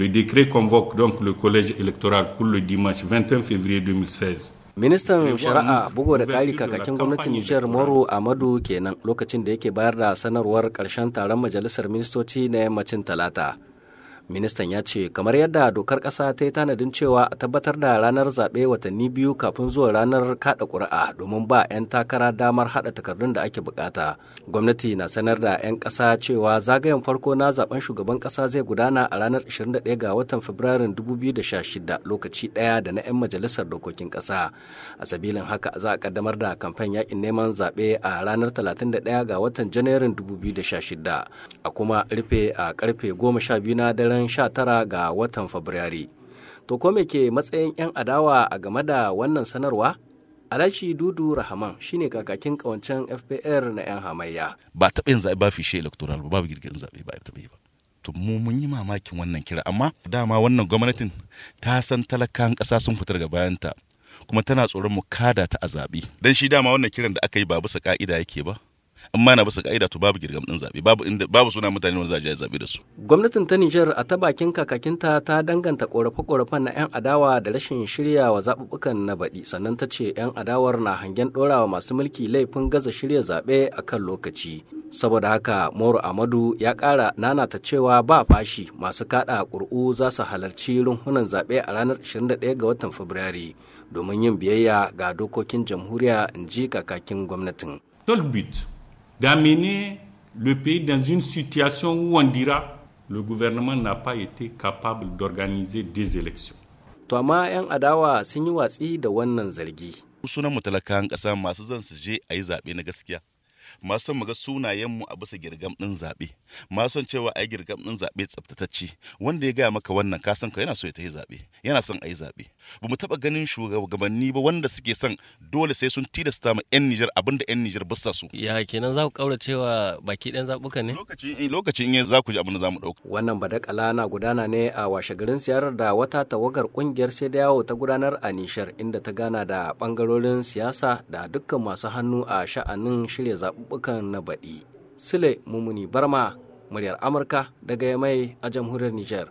Le décret convoque donc le collège électoral pour le dimanche 21 février 2016. Ministan Shari'a bugu da kari kakakin gwamnatin Nijar Moro Amadu kenan lokacin da yake bayar da sanarwar ƙarshen taron majalisar ministoci na yammacin Talata. ministan ya ce kamar yadda dokar kasa ta yi tanadin cewa a tabbatar da ranar zaɓe watanni biyu kafin zuwa ranar kaɗa ƙuri'a domin ba 'yan takara damar haɗa takardun da ake buƙata gwamnati na sanar da 'yan ƙasa cewa zagayen farko na zaben shugaban ƙasa zai gudana a ranar 21 ga watan fabrairun 2016 lokaci ɗaya da na 'yan majalisar dokokin kasa a sabilin haka za a ƙaddamar da kamfen yakin neman zaɓe a ranar 31 ga watan janairun 2016 a kuma rufe a ƙarfe 12 na daren Sha tara ga watan Fabrairu. To ko ke matsayin 'yan adawa a game da wannan sanarwa? Alhaji Dudu rahman shine kakakin kawancen FPR na 'yan hamayya. Ba taɓa yin zaɓe ba fishe electoral ba babu girgirin zaɓe ba taɓa yi ba. To mu mun yi mamakin wannan kira amma dama wannan gwamnatin ta san talakan ƙasa sun fitar ga bayanta kuma tana tsoron mu kada ta a zaɓe. Dan shi dama wannan kiran da aka yi ba bisa ƙa'ida yake ba. amma na bisa ka'ida to babu girgam din zabe babu inda babu suna mutane wanda za a je zabe da su gwamnatin ta Niger a ta bakin kakakinta ta danganta korafe-korafen na yan adawa da rashin shirya wa zaɓuɓɓukan na baɗi sannan ta ce yan adawar na hangen ɗorawa masu mulki laifin gaza shirya zaɓe a kan lokaci saboda haka Moro Amadu ya ƙara nanata cewa ba fashi masu kaɗa ƙuri'u za su halarci runhunan zaɓe a ranar 21 ga watan Fabrairu domin yin biyayya ga dokokin jamhuriya in ji kakakin gwamnatin. Talbit d'amener le pays dans une situation où on dira le gouvernement n'a pas été capable d'organiser des élections. To amma 'yan adawa sun yi watsi da wannan zargi. Sunan talakawan ƙasa masu zan su je a yi zaɓe na gaskiya. Masu son muga sunayenmu a bisa girgam ɗin zaɓe. Masu son cewa a yi girgam ɗin zaɓe tsaftatacce. Wanda ya gaya maka wannan kasan ka yana so ya ta yi zaɓe. Yana son a yi zaɓe. ba mu taɓa ganin shugabanni ba wanda suke son dole sai sun tilasta ma 'yan Nijar abin da 'yan Nijar ba su. Ya kenan za ku ƙaura cewa baki ɗan zaɓuka ne? Lokacin eh, yin za ku ji abin da za mu ɗauka. Wannan badakala na gudana ne a washe garin ziyarar da wata tawagar ƙungiyar sai da yawo ta gudanar a Nishar inda ta gana da ɓangarorin siyasa da dukkan masu hannu a sha'anin shirya zaɓuɓɓukan na baɗi. Sule Mumuni Barma, muryar Amurka daga Yamai a jamhuriyar Nijar.